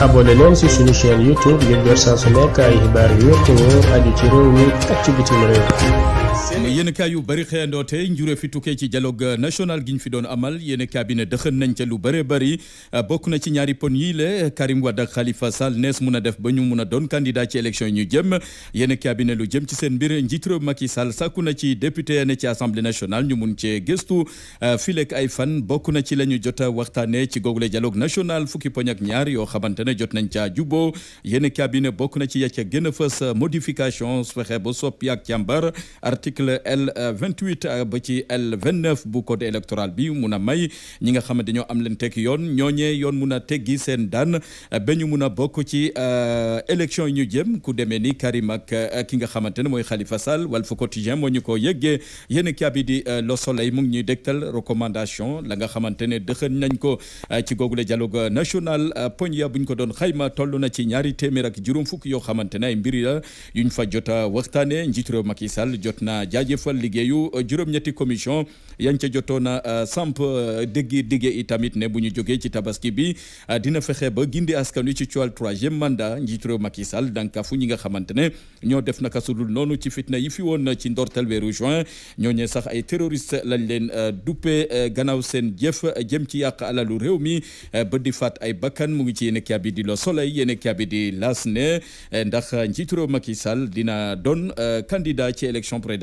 abonné leen ci suñu chaîne YouTube ngir jot saa su nekk ay xibaar yu wér te ci réew mi ak ci bitim réew yéenekaay yu bari xëyandoo te njuree fi tukkee ci dialogue national gi ñu fi doon amal yéenekaay bi ne dëxën nañ ca lu bëree bari bokk na ci ñaari pon yii le Karim Wade ak Khalifa mun a def ba mun a doon candidat ci élection ñu jëm yéenekaay bi ne lu jëm ci seen mbir njiit réew Macky Sall sàkku na ci député ya ne ci assemblée nationale ñu mun cee gëstu euh, filek ay fan bokk na ci la ñu jot waxtaanee ci google dialogue national fukki poñ ak ñaar yoo xamante ne jot nañ caa juboo yéenekaay bi ne bokk na ci yàcca gën a fës modification fexe ba soppi ak càmbar article L euh, euh, bu code électoral bi mun a may ñi nga xam ne am leen teg yoon ñooñee yoon mun a teggi seen daan euh, ba ñu mun a bokk ci élection yi ñu jëm ku demee ni Karim ak ki nga xamante ne mooy Khalifa Sall Walf Quotidien moo ñu ko yëggee yéen a kii di Le Soleil mu ngi ñuy dégtal recommandation la nga xamante ne dëxën nañ ko ci googu le dialogue national poñ ya buñ ko doon xayma toll na ci ñaari téeméer ak juróom fukk yoo xamante ne ay mbir la yuñ fa jot a waxtaanee na jaajëfal liggéeyu euh, juróom-ñetti commission yañ ca jotoon euh, samp dégg euh, diggé i tamit ne bu ñu jogee ci tabaski bi dina fexe ba gindi askan wi ci coowal troisième mandat njiitu réew Macky Sall dankafu ñi nga xamante ne ñoo def naka sudul noonu ci fitna yi fi woon ci ndortel weeru juin ñooñee sax ay terroriste lañ leen duppe gannaaw seen jëf jëm ci yàq alalu réew mi ba di faat ay bakkan mu ngi ci yéen kaabi di Le Soleil yéen kaabi di L'As ne ndax njiitu réew Macky Sall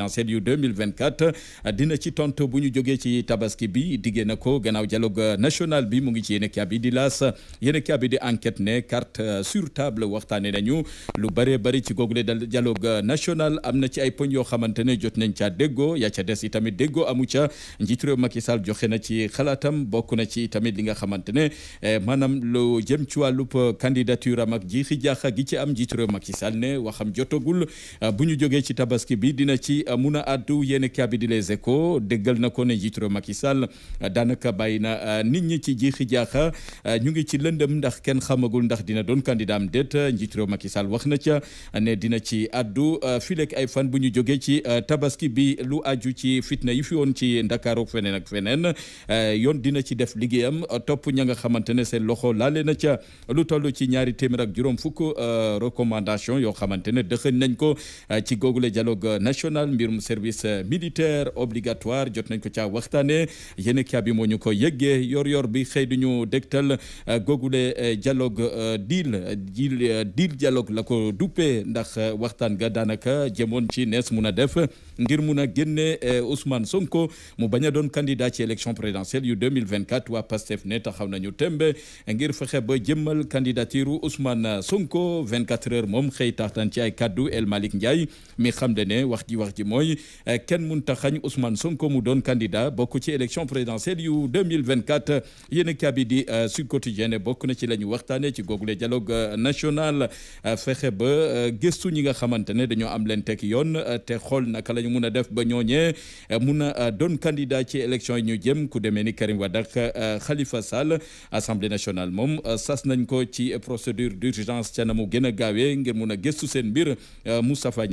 présidentielle yu 2024 dina ci tontu bu ñu jógee ci tabaski bi diggee na ko gannaaw dialogue national bi mu ngi ci yéen kaabi di las yéen kaabi di enquête ne carte sur table waxtaanee nañu lu bëree bëri ci googu dal dialogue national am na ci ay poñ yoo xamante ne jot nañ caa déggoo yaa ca des itamit déggoo amu ca njiitu réew Macky Sall joxe na ci xalaatam bokk na ci tamit li nga xamante ne eh, maanaam lu jëm ci wàllub candidature am ak jiixi jaaxa gi ci am njiitu réew Macky Sall ne waxam jotagul bu ñu jógee ci tabaski bi dina ci mun a addu yéen kaabi di les échos déggal na ko ne njiitu réew Macky Sall daanaka bàyyi na euh, nit ñi ci jiixi jaaxa euh, ñu ngi ci lëndëm ndax kenn xamagul ndax dina doon candidat am déet njiitu réew Macky Sall wax na ca ne dina ci addu euh, fileek ay fan bu ñu jógee ci tabaski bi lu aju ci fitna yi fi ci Ndakaaru feneen ak feneen yoon dina ci def liggéeyam topp ña nga xamante ne seen loxo laale na ca lu toll ci ñaari téeméer ak juróom fukk recommandation yoo xamante ne dëxëñ nañ ko ci googule dialogue national mbirum service euh, militaire obligatoire jot nañ ko caa waxtaane yéen a bi moo ñu ko yëggee yor-yor bi xëy duñu dégtal euh, googule euh, dialogue deal deal deal dialogue la ko duppee ndax waxtaan ga daanaka jëmoon ci nees mun a def ngir mun a génne Ousmane Sonko mu bañ a doon candidat ci élection présidentielle yu 2024 waa PASTEF ne taxaw nañu tembe ngir fexe ba jëmmal candidature Ousmane Sonko 24 heures moom xëy taxtaan ci ay kaddu El Malick Ndiaye mi xam de wax ji wax ji moom mooy eh, kenn mënut a xañ Ousmane Sonko mu doon candidat bokk ci élection présidentielle yu 2024 yéen a kaabi di eh, Sud Quotidien ne bokk na ci la ñu ci googule dialogue eh, national fexe ba gestu ñi nga xamante ne dañoo am leen teg yoon te xool naka la ñu mun a def ba ñooñee mun a doon candidat ci élection yi ñu jëm ku demee ni Karim Wade ak Khalifa Sall assemblée nationale moom sas nañ ko ci procédure d'urgence ca na mu gën a gaawee ngir mun a gestu seen mbir Moustapha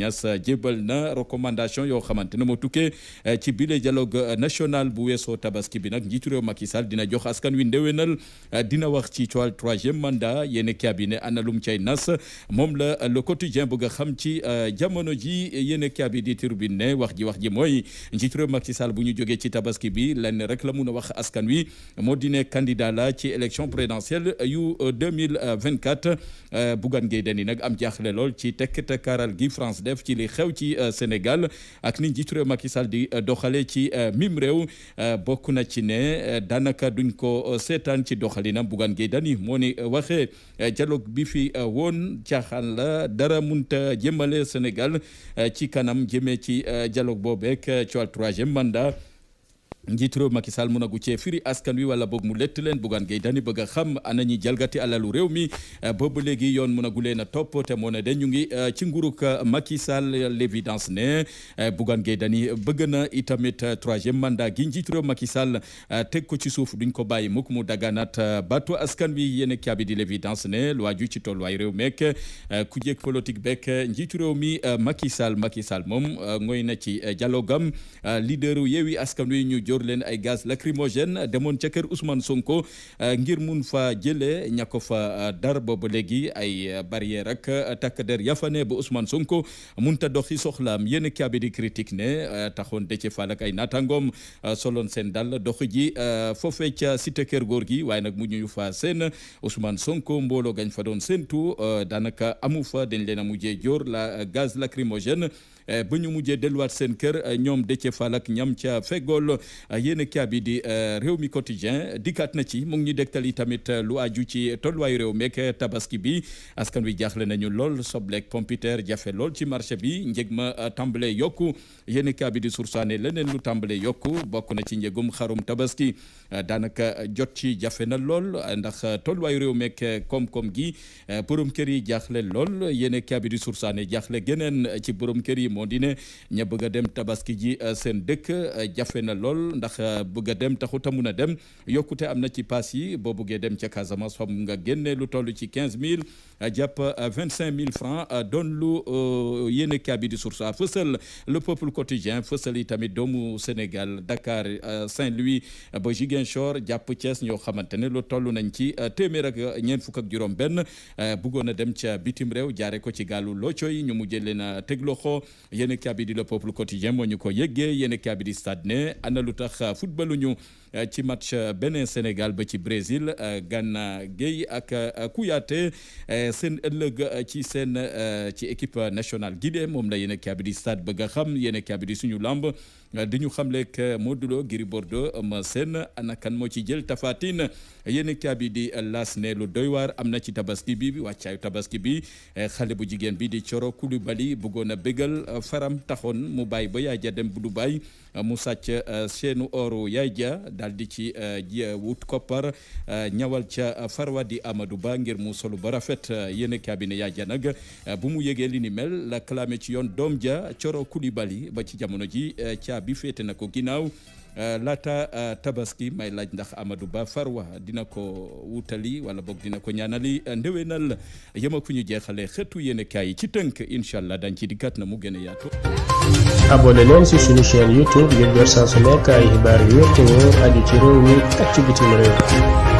orientation yoo xamante ne moo tukkee eh, ci bile jalog eh, national bu weesoo tabaski bi nag njiitu réew Macky Sall dina jox askan wi ndewenal eh, dina wax ci coal troisième mandat yéen cabinet ana lum cay nas moom la le quotidien bëgg a xam ci jamono ji yéen cabinet di turbine ne wax ji wax ji mooy njiitu réew Macky Sall bu ñu jógee ci tabaski bi lenn rek la mun a wax askan wi moo di ne candidat la ci élection présidentielle yu 2024 Bougane Gueye Dany nag am jaaxle lool ci tekk tekkaaral gi France def ci li xew ci Sénégal ak ni njiitu réew Macky Sall di eh, doxale ci eh, mim réew eh, bokk na ci ne daanaka duñ ko seetaan ci doxalinam Bougane Gueye Dany moo ni waxee jalog bi fi woon caaxaan la dara munta jëmale Sénégal ci kanam jëmee ci dialogue boobeek ci wàllu troisième mandat njiitu réew Macky Sall mënagu cee firi askan wi wala boog mu lett leen Bougane Gueye Dany bëgg a xam ana ñi jalgati alalu réew mi euh, boobu léegi yoon mënagu leen a topp te moo de ñu ngi euh, ci nguurug euh, Macky Sall l'évidence ne Bougane Gueye Dany bëgg na itamit troisième mandat gi njiitu réew Macky Sall teg ko ci suuf duñ ko bàyyi mukk mu daganat baatu askan wi yéen kaabi di l'évidence ne lu waaju ci tolluwaay réew meek ku jéeg politique beek njiitu réew mi Macky Sall Macky Sall moom ngoy na ci dialogue am dóor leen ay gaz lacrymogène demoon ca kër Ousmane Sonko euh, ngir mun fa jëlee ña fa euh, dar boobu léegi ay euh, barrière ak takk der yafane ba Ousmane Sonko munta doxi soxlaam yéen kaabi di critique ne taxoon Déthié Fall ak ay naataangoom soloon seen dal doxi ji foofee ca cité kër góor gi waaye nag mu ñu fa seen Ousmane Sonko mbooloo gañ fa doon séentu daanaka amu fa dañ leen a mujjee joor la gaz lacrymogène Eh, ba ñu mujjee delluwaat seen kër eh, ñoom Déthié Fall ak ñam ca fegool eh, yéen a kaabi di réew mi quotidien dikkaat na ci mu ñu dégtal yi tamit lu aju ci tolluwaayu réew meek tabaski bi askan wi jaaxle nañu lool sobleek pompiter jafe lool ci marché bi njeg ma tàmbalee yokku yéen a kaabi di sursaane leneen lu tàmbale yokku bokk na ci njëgum xarum tabaski daanaka jot ci jafe na lool ndax tolluwaayu réew meek koom-koom gi borom kër yi jaaxle lool yéen a kaabi di jaaxle geneen ci borom kër yi moo di ne ña bëgg a dem tabaski ji euh, seen dëkk euh, jafe na lool ndax euh, bëgg a dem taxut a mun a dem yokkute am na ci paas yi boo bëggee dem ca Casamance fam nga génne lu toll ci quinze mille jàpp vingt cinq mille francs doon lu yéene kaabi di source fësal le peuple quotidien fësal yi tamit doomu Sénégal Dakar Saint-Louis ba Ziguinchor jàpp Thiès ñoo xamante ne lu toll nañ ci téeméer ak ñeent fukk ak juróom benn bëggoon a dem ca bitim réew jaare ko ci gaalu loo cooy ñu mu leen a teg loxo yenn kaay bi di le peuple quotidien moo ñu ko yëggee yéen kaay bi di stade ne ana lu tax euh, footballu ñu euh, ci match euh, Bénin Sénégal ba ci Brésil Gana Gueye ak Kouyaté seen ëllëg ci seen ci équipe nationale guinée moom la yéen kaay bi di stade bëgg xam yéen kaay di suñu làmb di ñu xam leeg moo Lo Gris Bordeaux ma seen ana kan moo ci jël tafatin yéen kaay bi di las ne lu doy am na ci tabaski bi wàccaayu tabaski bi xale bu jigéen bi di Coro Koulibaly bëggoon a bégal Euh, faram taxoon mu bàyyi ba yaay ja dem bu du Dubaï euh, mu sàcc euh, seenu oru yaay ja daal di ci wut koppar ñawal ca farwa di Ba ngir mu solu ba rafet yéen cabinet yaay ja nag bu mu yégee li ni mel la clamé ci yoon doom ja Coro Koulibaly ba ci jamono ji caabi féete na ko ginnaaw. Euh, laata euh, tabaski may laaj ndax amadu Ba farwa dina ko wutali wala boog dina ko ñaanali euh, ndewenal yema ku ñu jeexalee xëtu yéen kaay yi ci tënk incha allah dañ ci dikkaat na mu gën a yaatu. abonné si suñu chaîne YouTube ngir jot saa su nekk ay xibaar ci réew mi ak ci bitim